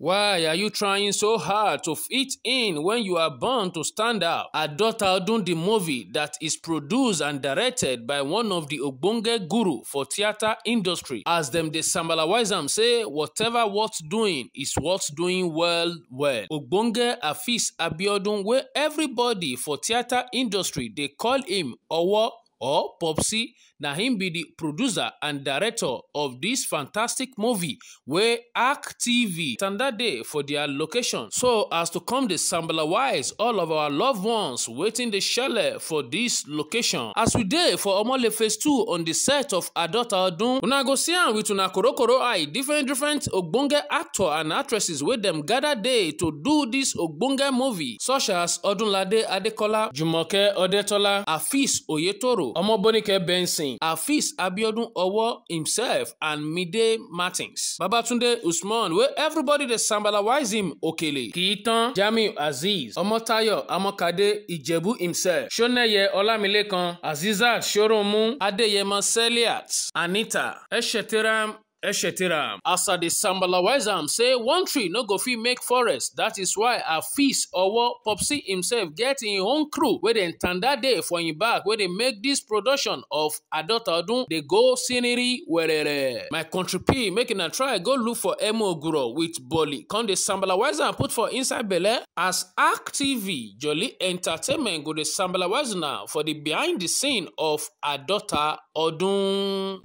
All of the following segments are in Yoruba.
Why are you trying so hard to fit in when you are born to stand out? A daughter Odun the movie that is produced and directed by one of the Ogbonge guru for theater industry. As them the Samalawisam say, whatever what's doing is what's doing well well. Ogbonge Afis Abiodun where everybody for theater industry they call him Owo or Popsi na him be the producer and director of this fantastic movie wey arc tv tanda dey for their location so as to come the sambala wise all of our loved ones waiting the shele for this location as we dey for omole phase two on the set of adota odun una go see am wit una korokoro eye different different ogbonge actor and actresses wey them gada day to do this ogbonge movie such as odunlade adekola jumoke odetola afis oyetoro omobonike benson Martin, Afeez Abiodun Owo himself, and Mide Martins. Babatunde Usman, where everybody dey sambalawize him Okele, Kiitan, Jamiu Aziz. Omotayo Amokade Ijebu himself, Shoneye Olamilekan, Azizat Shoromu, Adeyemo Seliat, Anita, Esheteram Eshetiram. Asa the Sambalawaisam say one tree no go fit make forest. That is why a feast or what Popsy himself get in his own crew where they dem that day for him back where they make this production of Adota Odun dey go scenery where My country P making a try go look for Emo with Boli. Come the Sambalawaisam put for inside belle as ARC TV Jolly Entertainment go the Sambalawise una for the behind the scene of Adota ọdún.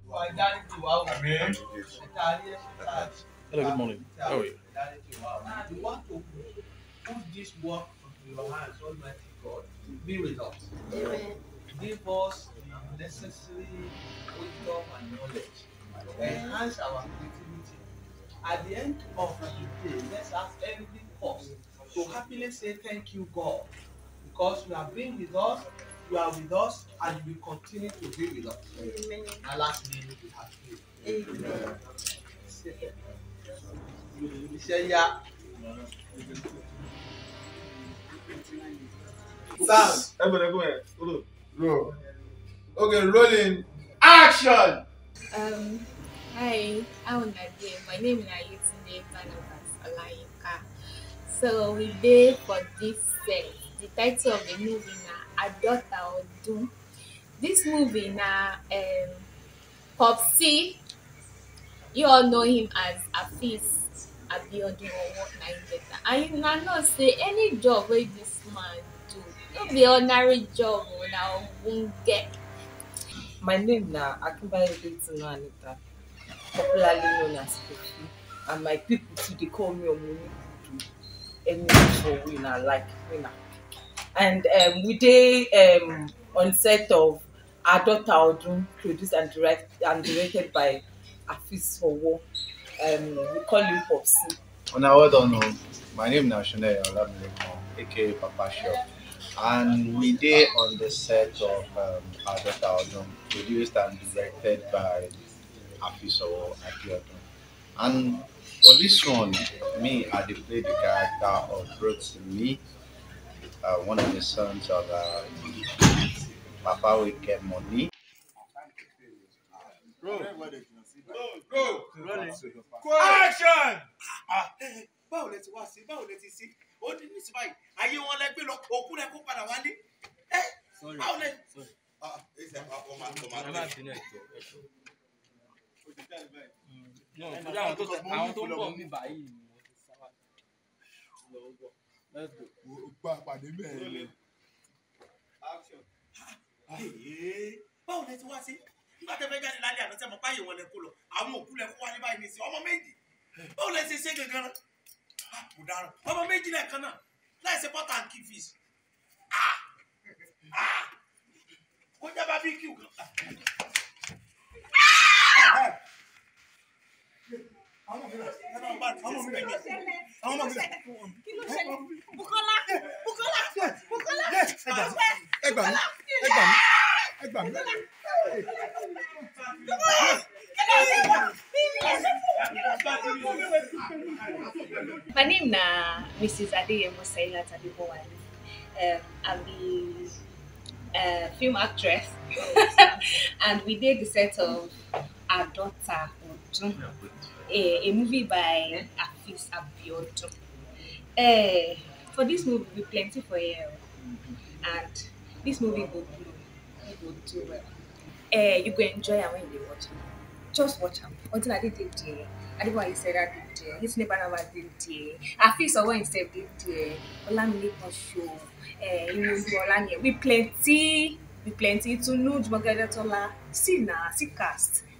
Hello, good morning. How are you? want to put this work into your hands, Almighty God, be with us. Give us the necessary wisdom and knowledge. Enhance our creativity. At the end of the day, let's have every cause to happily say thank you, God, because you have been with us, you are with us, and we continue to be with us. Amen. And last minute we have faith. Amen. Iṣẹ́ yá. Sam. Ẹ gbọ́dọ̀ gbọ́ Okay, rolling. Action! Um, hi, I'm una My name is Yetunde Barnabas Olayinka. So we dey for this set. The title of the movie na Adota Odun. This movie now, um popsi you all know him as afeez abiodun owo na im beta and una know say any job where this man do Not be ordinary job now won't get. my name na akinbayo daytona anita popularly known as kofi and my people too dey call me a kudu any for wey na like wey na and um, we dey um, on set of Àádọ́ta Ọdún, produced and, direct, and directed by Afis Owo. Um, we call you Popsi. Una well done. My name is Shunaya Olamilekan, aka Papa Shop. And we did on the set of um, Àádọ́ta Ọdún, produced and directed by Afis Owo Abiodun. And for this one, me, I did play the character of Brotimi, uh, one of the sons of uh, Papa will get money. Báwo lẹ ti wá sí? Báwo lẹ ti sí? Ó ní ní síbáyì, ayé wọn lẹ lọ, òkú lẹ kó padà wálé. Ẹ eh, báwo lẹ. Action báwo lẹ ti wá sí nígbà tẹ́ fẹ́ jáde lálẹ́ àná tẹ́ mọ̀ páyé wọn lẹ kó lọ àwọn òkú lẹ kó wálé báyìí nìsín ọmọ méjì báwo lẹ ti ṣe gangan náà ah, kò dára ọmọ méjì lẹ́ẹ̀kan náà láì ṣe pọ́tà kí fìs kó jábá bí kí o kan. My name na Mrs. Adeyemo Sailat Adebowale. Um, I'm the uh, film actress and we did the set of Adota Odun a, movie by Afis Abiodun. Uh, for this movie, we plenty for here, oh. and this movie will blow, it do well. Uh, you go enjoy am when you watch am. Just watch am. Until I did there, Adébọ̀wá said I did there, His neighbor never did there, Afis or Owo himself did there, Olamilekan show, uh, know, Olaniye. We plenty, we plenty. Itunu Jùmọ̀kẹ́ Adétọ́lá, see na, see cast.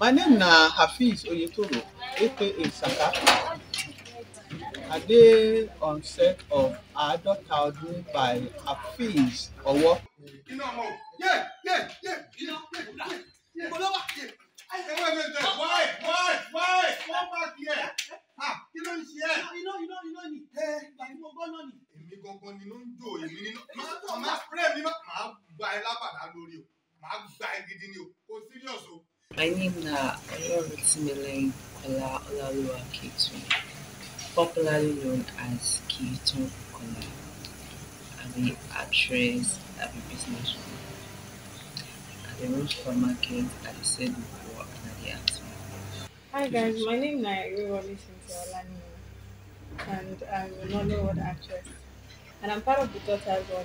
My name na Hafiz Oyetoro, aka Saka. I dey on set of Àádọ́ta Ọdún by Hafiz Owo. Iná ọmọ o, name na uh, Olorunsimilin Kola Olaoluwa Kytun, popularly known as Kytun Kola. I'm an actress, I'm a businesswoman. I rose for market, I said before, and I did Hi guys, my name is Nairobi Olanina, and I'm an Nollywood actress. And I'm part of the daughters on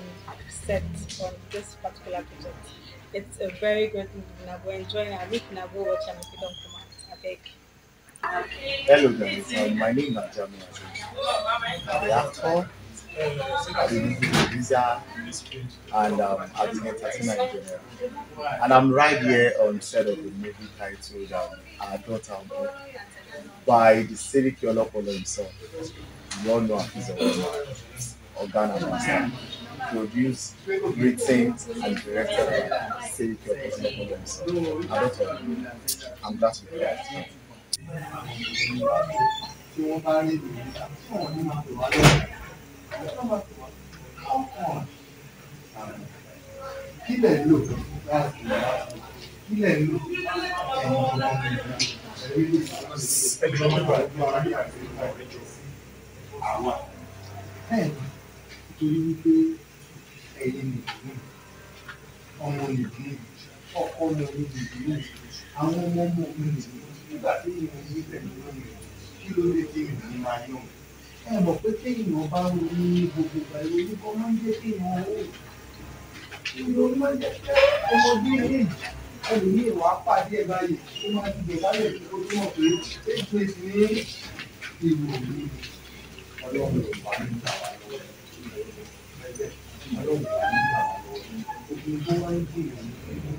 set on this particular project. It's a very good movie. Now go enjoy and if go watch and if you don't come out, I beg. Hello guys, uh, my name is Jamie I'm the actor, I've been producer, and um, I've been entertainer in general. And I'm right here on set of the movie titled um, Our Daughter by the city Kyolopolo himself. You all know Afiz Master. Produce, written, and directed by Save Your Problems. A lot of you. I'm glad to be here. Tí wọ́n bá rí ìrìn àti ọ̀rọ̀ ní máa tó wá lọ́wọ́, ọ̀rọ̀ máa tó wípé ẹyẹ nìdùnnú ọmọ nìdùnnú ọkọ ọmọ mi nìdùnnú àwọn ọmọ ọmọ mi nìdùnnú nígbà tí èèyàn ní pẹ̀lú omi kí ló lè dé ìlú ní máa yọ̀ ẹ mọ̀ pé kéèyàn bá ronú ní gbogbo ìgbà ìwé nípa máa ń jẹ́ kéèyàn ó ìròyìn máa ń jẹ́ pé ọmọdé ilé yìí ẹlòmíì wàá pàdé ẹ̀ báyìí ó máa ti gbẹ̀ báyìí kí ó túmọ̀ pé éjò ìsìn ní ìròyìn ọlọ́run ìpàdé ìgbà wà lọ́wọ́.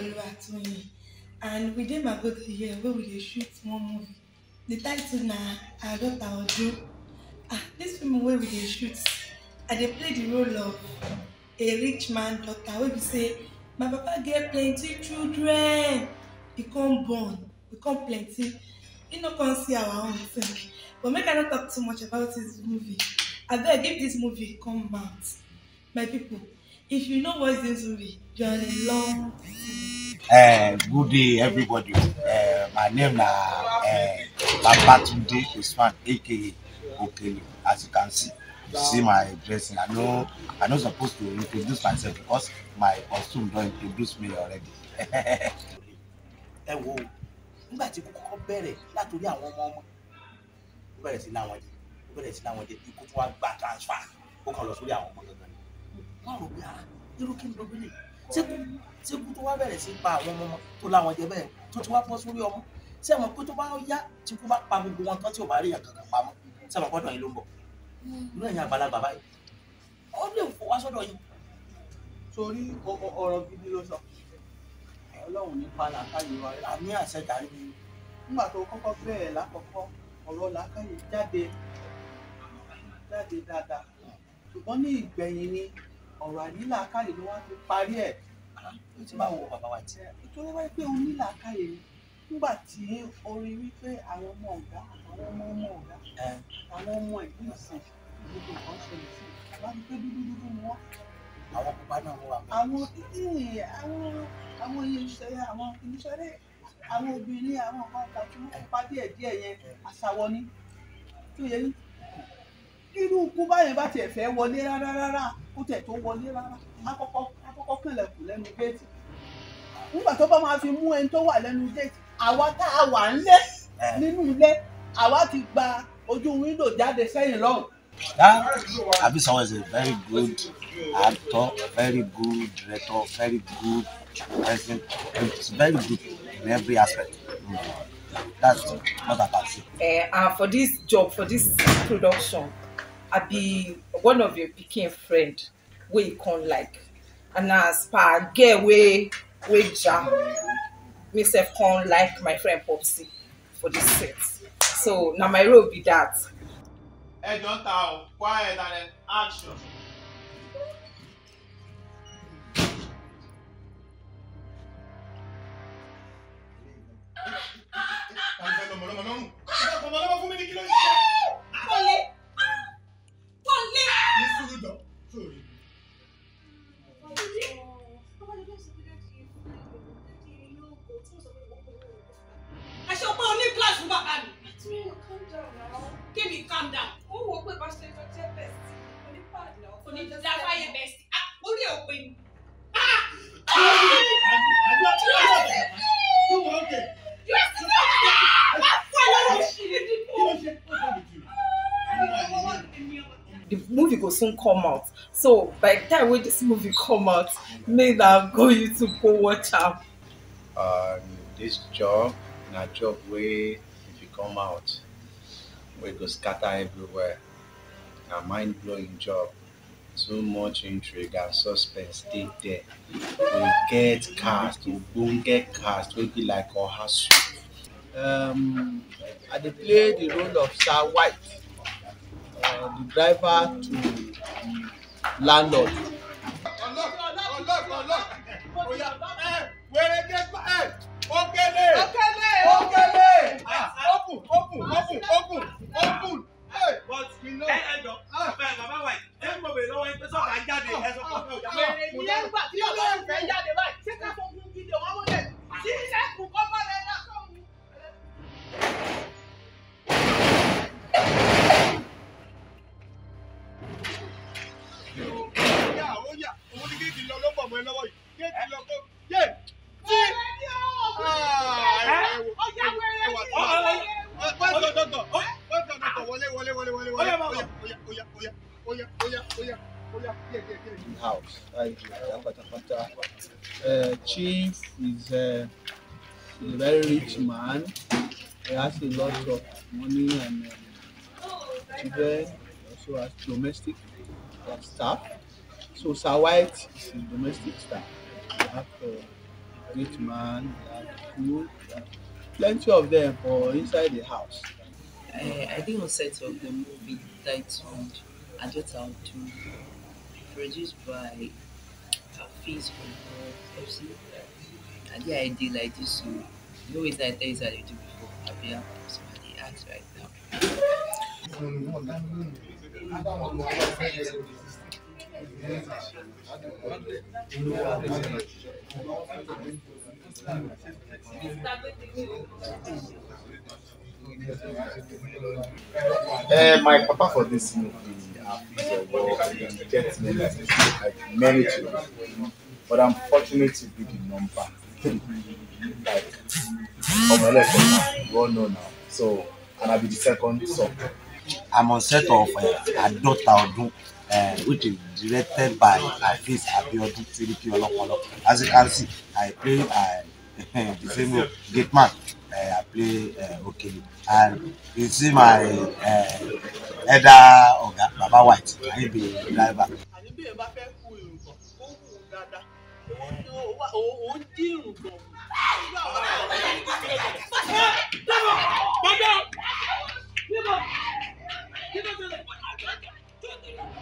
Oluwatoyin and we dey brother here where we dey shoot one movie. The title na Arota Ojo. Ah, this film wey we dey shoot, I dey play the role of a rich man doctor. wey be say my papa get plenty children, e come born, e come plenty, e no come see our own thing. But make I no talk too much about this movie. Abeg, if this movie come out, my people, if you no watch this movie, Johnny Long. Uh, eh, good day, everybody. Uh, my name is uh, eh, Babatunde Usman, aka Okele. As you can see, you see my dressing. I know I'm not supposed to introduce myself because my costume don't introduce me already. Ẹ wo, nígbà tí kókó bẹ̀rẹ̀ látòrí àwọn ọmọ ọmọ, bẹ̀rẹ̀ sí láwọn jẹ, bẹ̀rẹ̀ sí láwọn jẹ, ikú tó wá gba transfer, ó kàn lọ sórí àwọn ọmọ gangan. Wọ́n rò pé ah, irú kí n dobi lè ṣé kú tó wá bẹ̀rẹ̀ sí pa àwọn ọmọ tó láwọn jẹ bẹ́ẹ̀ tó ti wá fọ́ sórí ọmọ ṣé àwọn pé tó bá yá tí kú bá pa gbogbo wọn tán tí ò bá rí èèyàn kankan pamọ́ ṣé àwọn gbọ́dọ̀ yìí ló ń bọ̀ inú ẹ̀yìn àgbàlagbà báyìí ó lè fọwọ́ sọ́dọ̀ yìí. torí ọ̀rọ̀ gidi ló sọ ọlọ́run ní pa làákàyè wa rẹ̀ àmì àṣẹ dàrí ni nígbà tó kọ́kọ́ bẹ̀rẹ̀ lákọ̀ọ́kọ́ ọ̀rọ̀ làákàyè jáde jáde dáadáa ṣùgbọ́n ní ìgbẹ̀yìn ni ọ̀rọ̀ ànílàákàyè ni wọ́n fi parí ẹ̀ ó ti máa wọ bàbá wa tí. ìtòlẹ́ wáyé pé onílàákàyè ni nígbà tí orí wípé àwọn ọmọ ọ̀gá àwọn ọmọ ọmọ ọ̀gá àwọn ọmọ ìlú ìsìn gbogbo nǹkan ṣẹlẹ̀ sí i wọ́n ti pé dúdú dúdú ni wọ́n. àwọn pupa náà wọ́n wà. àwọn àwọn àwọn iṣẹ́ àwọn iṣẹ́ àwọn obìnrin àwọn kan kan tí wọ́n pupa díẹ̀ díẹ̀ yẹn àṣàwọ̀ ni tó yẹ irú ikú báyẹn bá tiẹ̀ fẹ́ wọlé rárá rárá kó tẹ̀ tó wọlé rárá akọ́kọ́ akọ́kọ́ kànlẹ̀kùn lẹ́nu géètì nígbà tó bá máa fi mú ẹni tó wà lẹ́nu géètì àwa tá a wà ńlé nínú ilé àwa ti gba ojú wíńdò jáde sẹ́yìn lọ́hùn. That Abisawa is a very good actor, very good director, very good person, very good in every aspect. Mm. That's what I can say. Uh, uh, for this job, for this production, I be one of your pikin friend wey you come like and as per girl wey wey jam me sef come like my friend popsi for dis set so na my role be dat. ẹ jọ ta o quiet and action. Ọmọ ọlọ́mọ lọ́rùn. Ọmọ ọlọ́mọ fún mi ní kí ló ń ṣe. àṣẹ ọpẹ oní class fún bàbá mi. kí ni calm down. ó wò ó pé bá ṣe best oní pàdé náà. kò ní dáfáyé best ah, orí ẹ̀ ò pé mi. Ah! The movie will soon come out. So by the time when this movie come out, may that go you to go watch out. Um, this job, na job way, if you come out, we go scatter everywhere. A mind blowing job. So much intrigue and suspense stay there. We get cast, we don't get cast, we be like our house. Um, I play the role of Sir White, uh, the driver to landlord. Okele! Okele! ọmọ ẹ lọ́wọ́ yìí géètì lọ́kọ́ yé tí. Ah, In house, uh, Chief is uh, a very rich man. He has a lot of money and uh, children. He also has domestic staff. So Sir White is a domestic star. You have uh, a great man, cool, plenty of them for inside the house. I, I think on set of the movie titled I Just How to produced by Hafiz from FC. And the idea like this so you know it's like things I did before I'll be somebody acts right now. Um, Uh, my papa for this movie, he gets me like many children, but I'm fortunate to be the number. like, my left, you all know now. So, and I be the second son. I'm on set of uh, Adota Odun, uh, which is directed by Hafiz Abiodun Siriki Olopolo. As you can see, I play uh, the same gate man. Uh, I play uh, Okele. And you see my uh, elder oga, Baba White, I be driver. Thank you.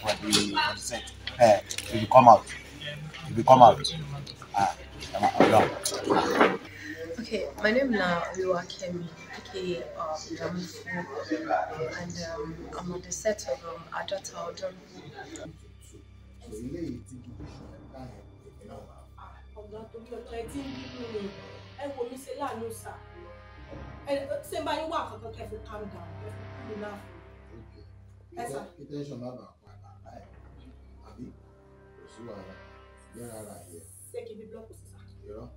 for the for the set ẹ if you come out if you come out ah ẹ ma ọdọ. Okay, my name is Oluwa Kemi, aka um, Jamufu, and um, I'm on the set of um, Adota Odorubu. ọ̀gá torí ọjọ́ ẹtí ń bínú mi ẹ sí wàhálà yẹn ara yẹ. ṣé kí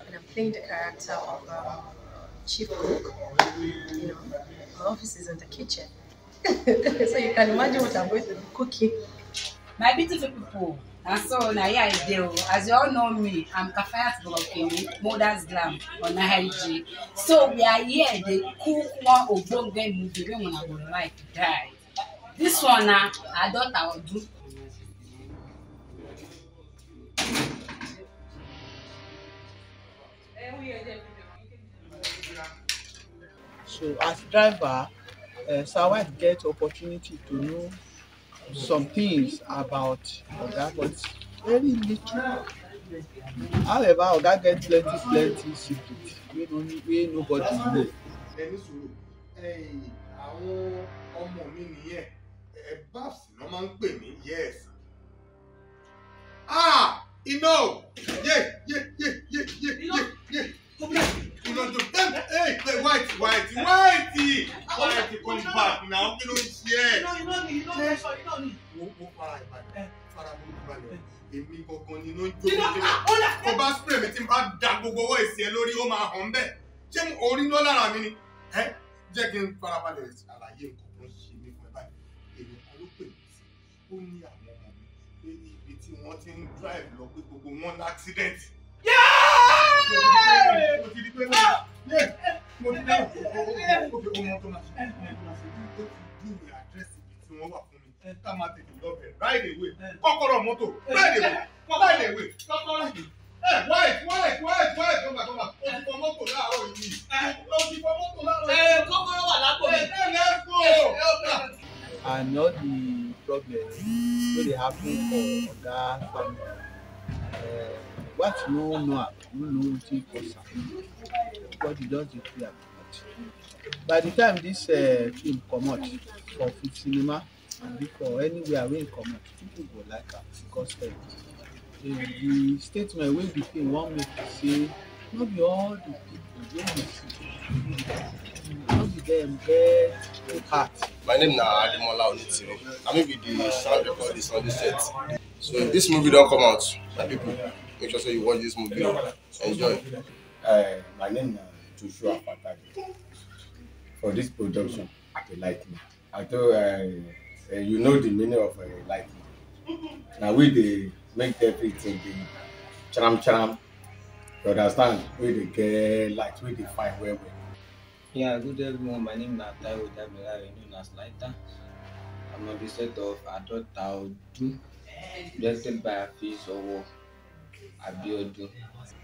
And I'm playing the character of a uh, chief cook. You know, my office is in the kitchen. so you can imagine what I'm going to be cooking. My beautiful people. And so now here I dey oh. As you all know me, I'm Kafayat Bolokemi, Mother's Glam on IG. So we are here dey cook one both. ogbonge movie wey una go like die. This one na ah, Adota Odu So as driver, uh, Sir White get opportunity to know some things about Oga, but very little. However, Oga get plenty plenty secret wey no wey nobody know. àwọn ọmọ mi nìyẹn ẹ eh, babs ni wọ́n máa ń pè mí yes. Ah! Iná o! Yé yé yé yé yé You Hey, white white whitey, whitey, come back now you. You kí ló ń ṣe you know. iná mi iná mi you know. mi. wo wo fara you know. burúkú balẹ̀ èmi kankan you know. ń jó mi dé you know. mi ti bá da you know. ìsìn ẹ lórí ó you know. bẹ́ẹ̀ ṣé orí ló you know. ni ẹ jẹ́ kí n farabalẹ̀ àlàyé nǹkan kan ṣe mí fún ẹ báyìí èmi kan ló pè mí sí ó ní àwọn ọmọ mi ní ibi tí wọ́n ti ń drive lọ pé gbogbo wọn ní accident kọ́kọ́rọ́ mọ́tò bẹ́ẹ̀ lè wò bẹ́ẹ̀ lè wò kọ́kọ́rọ́ yìí wáyé wáyé wáyé wáyé tó ma tó ma o ti fọ mọ́tò láàárọ̀ yìí o ti fọ mọ́tò láàárọ̀ yìí. ẹ kọ́kọ́rọ́ wà lápò mi. ẹ ẹ kó. and all the problems wey dey happen for oga family. Uh, What no know, no know wetin cause am. Everybody just dey play am By the time this uh, film comot for film cinema and for anywhere wey e comot, people go like am because uh, the, the statement wey the film wan make be say no be all the people wey we see no be them get good heart. my name na ademola onitiri na me be the sound record the sunday set so if this movie don come out my people Make sure so you watch this movie. Enjoy. Uh, my name is Joshua Patagi. For this production, the lightning. I thought uh, uh, you know the meaning of uh, lightning. Now we dey make everything dey charam charam. You understand? We dey get light, we dey find well well. Yeah, good day My name na Taiwo Dabilare, known as Lighter. I'm a the set of Adota Odu, directed by Afiz Owo. Abiodun.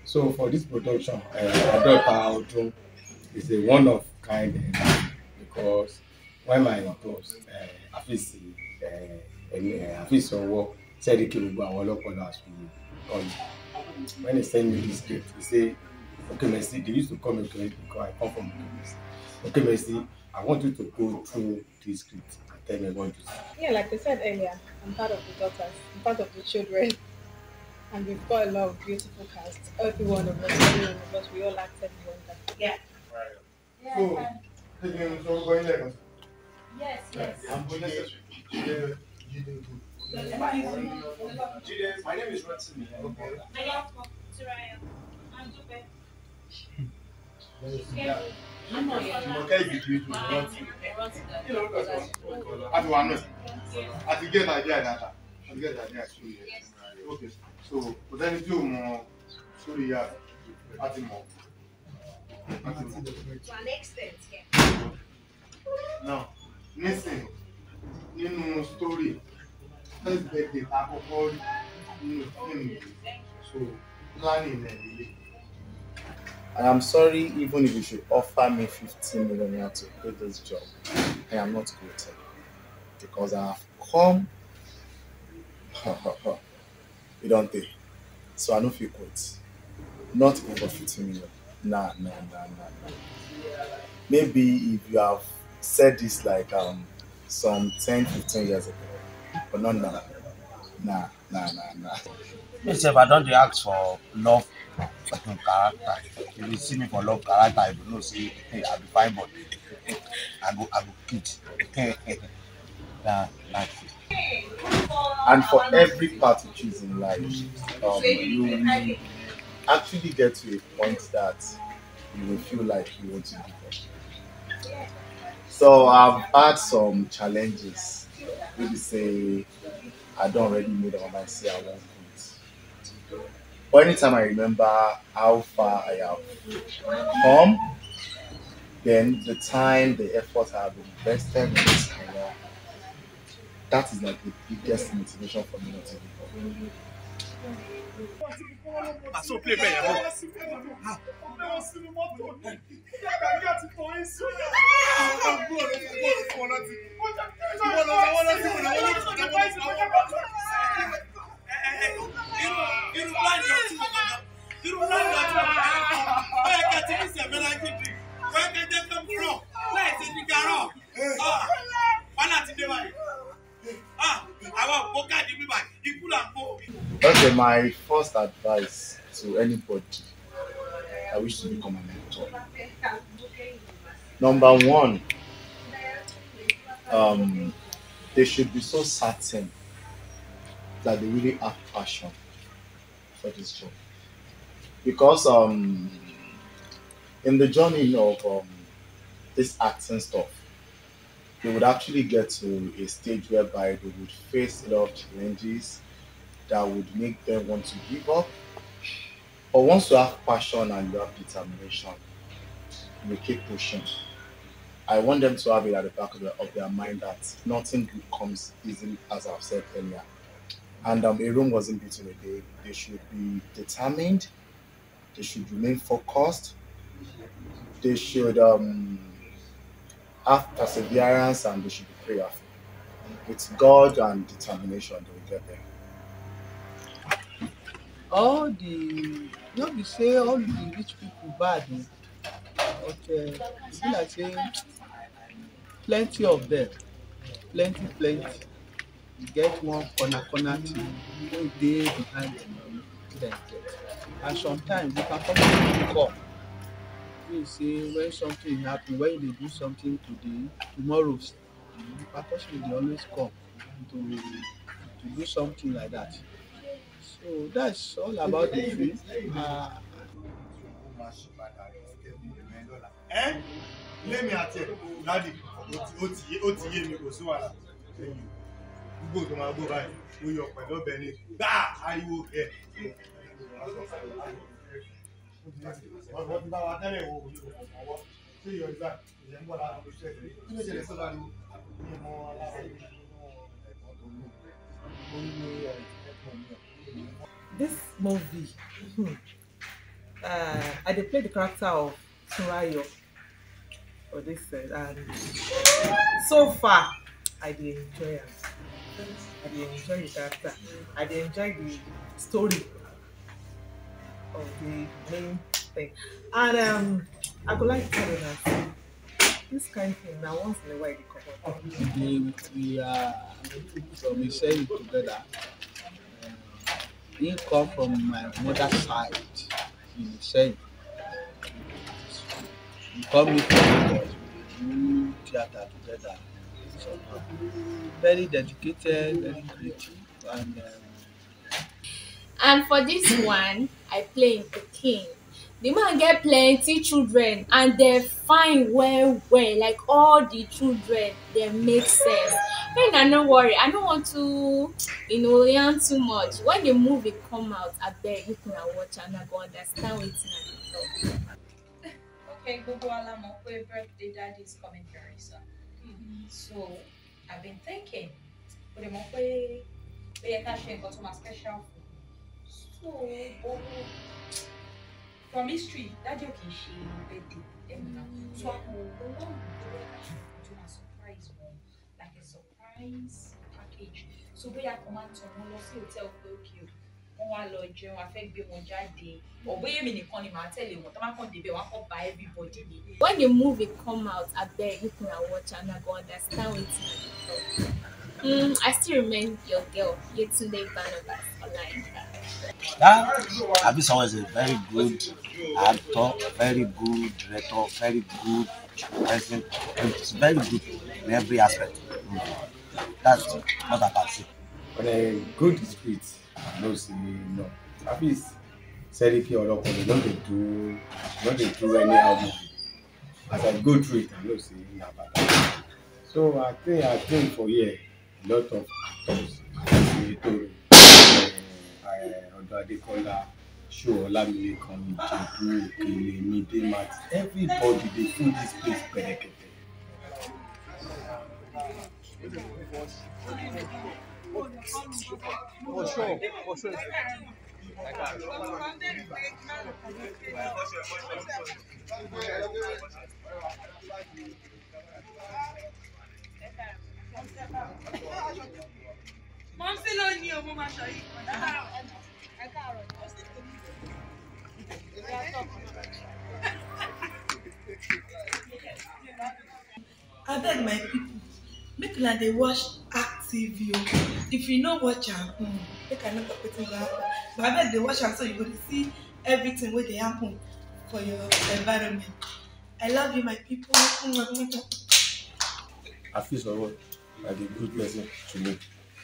So for this production, uh, Odun is a one of kind uh, because when my boss uh, Afisi uh, uh Afisi Owo said he killed àwọn ọlọ́pàá as we call him. When he sent me this script, he say, "Okay, Messi, they used to call me Okemesi because I come from Okemesi. Okay, Messi, I want you to go through this script and tell me what you see." Yeah, like I said earlier, I'm part of the daughters, I'm part of the children. and we've got a lot of beautiful cast. Every one of us, every one of us, we all acted wonder. Yeah. Right. Yeah. So, taking so going there. Yes, yes. I'm going to my name is Ratsumi. Okay. I'm Zupe. I'm okay with you. You know, because I'm not. I get that idea. I get that idea. Okay. so kò dẹ́ni tí ò mọ sórí ya a ti mọ̀ a ti mọ̀. now nisin nínú story first birthday ta kọ́kọ́ rí nínú fíìmù so planning ẹ̀ lélẹ̀. I am sorry even if you should offer me 15 million to quit this job. I am not quitting because I have come e don tey so i no fit quote not over fifty million nah nah nah nah nah maybe if you have said this like um some 10 15 years ago but not now nah nah nah nah me sef i don dey ask for love character if you see me for love character you go know say hey, i be fine body i go i go kid na na true. and for every part you choose in life, um, you actually get to a point that you will feel like you want to do. up. So I've had some challenges. Maybe say I don't already know up my mind, say I won't But anytime I remember how far I have come, then the time, the effort I have invested in this career that is like the biggest motivation for me not even Àṣọ plé bẹ́ẹ̀ yẹn bọ̀ àwọn òpó káàdì bíbà ikú là ń kó omi. Okay, my first advice to anybody I wish to become a mentor. Number one, um, they should be so certain that they really have passion for this job. Because um, in the journey of um, this acting stuff, they would actually get to a stage whereby they would face a lot of challenges that would make them want to give up. But once you have passion and you have determination, you keep pushing. I want them to have it at the back of their, of their mind that nothing good comes easily, as I've said earlier. And um, a room wasn't built in a day. They should be determined. They should remain focused. They should um, have perseverance and they should be prayerful. With God and determination, they will get there. All the, no we say all the rich people bad, but uh, e say plenty of them, plenty plenty. You get one corner corner thing wey behind them. And sometimes you can come to the come feel say when something happen when you dey do something today tomorrow the repercussion dey always come to to do something like that so that's all about the faith. Uh, lémi àti ẹ dádì ó ti yé mi kò sí wàhálà gbogbo tó máa gbó báyìí ó yọ pẹ̀lú ọbẹ̀ ni gbáà ariwo kẹ wọ́n This movie, hmm, uh, I did play the character of Tunrayo Or this set, uh, and so far I did enjoy it. I did enjoy the character. I did enjoy the story of the main thing. And um, I would like to tell you that this kind of thing now once in a while they come up. We, we are from we say it together. He come from my mother's side He the same. come with me theater together. So, very dedicated, very creative, and um, and for this one i play the king. the man get plenty children and they fine well well like all the children they make sense make una no worry i no want to you know learn too much when the movie come out abeg you can watch and i go understand wetin i dey talk. okay Google. ala mọ̀ birthday daddy is coming very soon so i have been thinking For dey mọ̀ pé ó yẹ ká tó special so owó from history dájọ́ kì í ṣe birthday ẹnu náà so àwọn olóògùn to wẹ́ láti tó surprise wọn like a surprise package so bóyá kò máa tàn wọn lọ sí hòtẹ́ẹ̀lì pé òkè wá lọ jẹun a gbé wọn jáde ọ̀bọ̀yé mi nìkan ni màá tẹ̀lé wọn tó má kàn débẹ̀ wọn kàn bá everybody ni. when the movie come out abeg you una watch and una go understand wetin i dey talk mm, i still remember your girl Yetunde Barnabas online. That Abisa was a very good actor, very good director, very good person. It's very good in every aspect. Mm. That's what I can say. But a uh, good spirit knows me no. Abis, least Seri P Olokun, no dey do no dey do anyhow movie. As I go through it, I know say na bad. So I think I think for here a lot of actors. do Eh, ọ̀dọ̀ Adékọ́lá Ṣóọ̀lá Ọlámilékan Ìjẹ̀bú Òkèlè mi Daymat everybody dey full dis place pẹ̀lẹ́kẹ̀tẹ̀. ọ̀ṣọ́ ọ̀ṣọ́ mọ̀ ń máa ṣọ̀yìn. abeg my people, make una dey watch actv o if you no watch am hmm, make i no talk wetin go happen but abeg dey watch am so you go dey see everything wey dey happen for your environment i love you my pipo. afis owo na di good person to me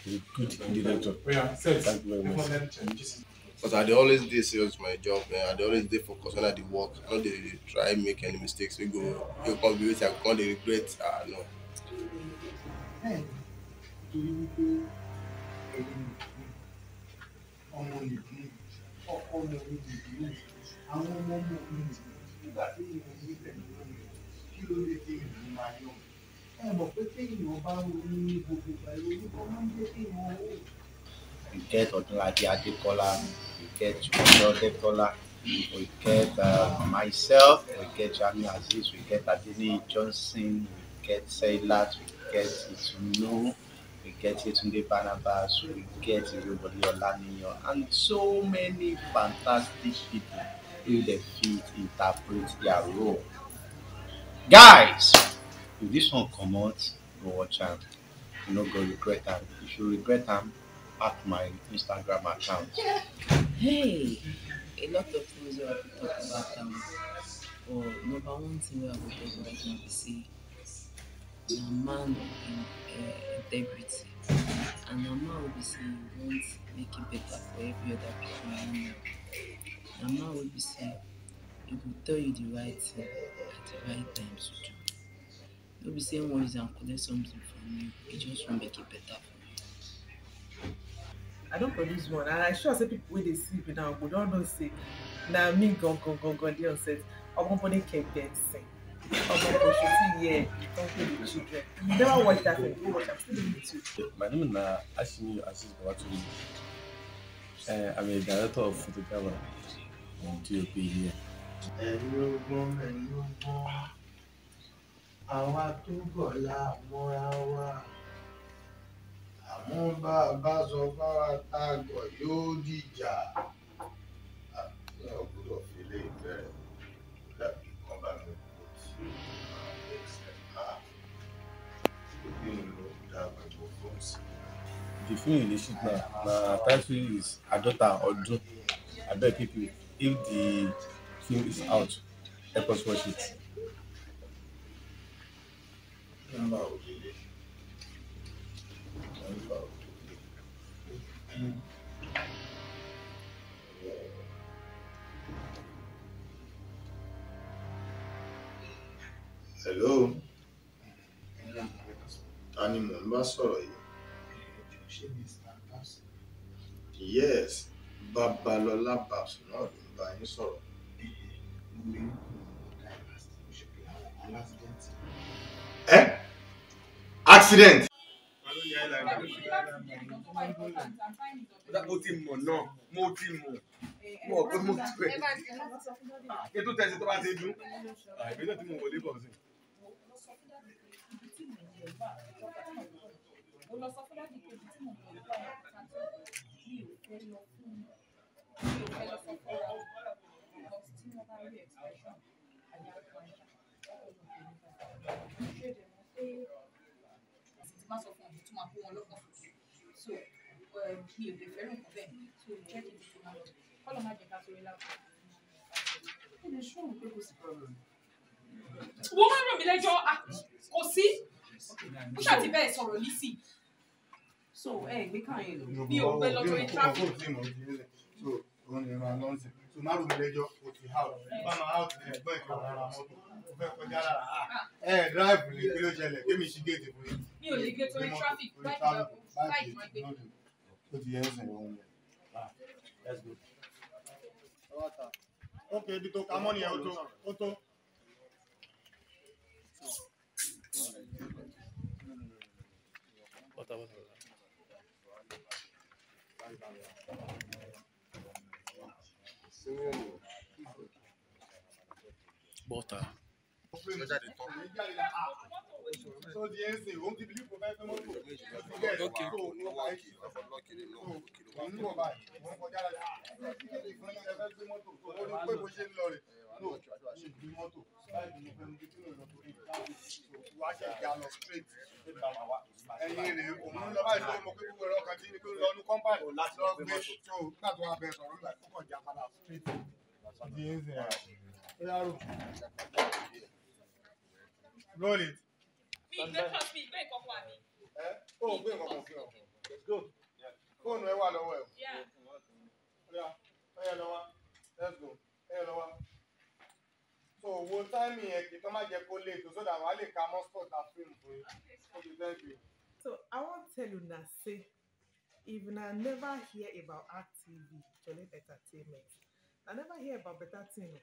di good individual oh, thank you very much because i dey always dey serious with my job man eh, i dey always dey focused when i dey work i no dey try make any mistakes wey go wey go come be wetin i go come dey regret ah no. ẹ mọ̀ pé téèyàn bá ronú ní gbogbo ìgbà ìròyìn kan máa ń jẹ́ kéèyàn ó We get Odunlade Adekola. We get Jumoke Odetola. We get uh, myself. We get Jami Aziz. We get Adeni Johnson. We get Seilat. We get Itunu. We get Yetunde Barnabas. We get Irobodi Olaniyo. And so many fantastic people who dey fit interpret their role. Guys, if this one comot, go watch am. You no go regret am. If you regret am, hacked my Instagram account. Hey, a lot of things we have to talk about. Um, but number one thing we have to talk right now is say, uh, a man in uh, integrity. And a man will be saying, won't make it better for every other person right now. A man will be saying, he will tell you the right thing at the right time to do. He'll be saying one is and collect something from you. He just won't make it better i don't produce one and i sure say people wey they see me now go don't know say now. me gangan gangan dey on set ọmọbọdé kẹgbẹ ẹsìn ọmọbọdé ti yẹ ìtọ́jú the children you never watch that film you watch am still dey youtube. my name is na ashimi asis babatunde uh, i'm a director of photography and dop here. ẹ̀yin ogun ẹ̀yin ogun àwa tó bọ̀ la mọ́ra wa àmọ́ bá a bá sọ fáwa tá a gọ̀ yóò dìjà àti ọ̀gbọ́dọ̀ fi lè dàbí kan bá mi kú tí màá ẹsẹ̀ ká òbí mi ló dá gbogbo fún sí. The film you dey na time film Àádọ́ta ọdún abeg people if the film is out help us watch it. Number of hello ta ni mò ń bá sọ̀rọ̀ yìí yes Babalọlá babs náà ló ń bá yín sọ̀rọ̀ ẹ accident mo ti mọ̀ náà mo ti mọ̀ mo ò pé mo ti pẹ́ kí tó tẹ̀sí tó bá ti dún àìpé ah, náà tí mo wọlé bọ̀ sí. so mi ò lè fẹ́ràn kọ́ bẹ́ẹ̀ tí o jẹ́ kí n fi máa lọ kọ́lọ̀ má jẹ́ ká sórí lápò. kí ni ṣóun pé kò sí problem. wọ́n máa ràn mí lẹ́jọ́ ah, kò sí ó ṣàti bẹ́ẹ̀ sọ̀rọ̀ lísì. so ẹ gbé káyìn lọ bí o gbé lọ́jọ́ ní traffic. òun ni màá lọ́ọ̀sì tó má rò mí lẹ́jọ́ o ti há o bá máa há o ti ẹ̀ gbọ́ ìkan lára ah, mọ́tò o mi. ò lè gé torí traffic báyìí máa gbé ó ti yẹ ń sìn òun rẹ̀. Ah, ok ibi tó ka mọ́ nìyẹn ó tó ó tó. Bọ́tà So the NSA won't give you provide no more. Okay. So no like it. No buy. Wọ́n kọjá la yà. Ìfúnni ẹgbẹ́ gbé mọ́tò. Ó ní pé bó ṣe ń lọ rẹ̀. No, gbé mọ́tò. Báyìí ni ìfẹ́ mi kí ló lọ torí ìta. Wá ṣe ìjà lọ straight. Ẹyin rẹ̀ òun lọ báyìí lọ́wọ́ mọ̀ pé gbogbo ẹ̀rọ kan tí ní pé ó lọ ní kọ́mpáì. Láti lọ gbé tó nígbà tó wà bẹ̀rẹ̀ sọ̀rọ̀ nígbà tó kàn já padà straight. The NSA. Roll it so I táìmì yẹn kì you. now, i say if I never hear about RTV, Jolene Entertainment I never hear about better thing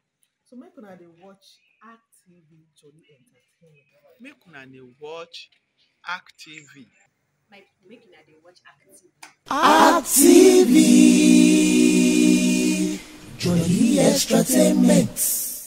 So make una dey watch ACTV Jolly Entertainment. Make una dey watch ACTV. My make una dey watch ACTV. ACTV Jolly Entertainment.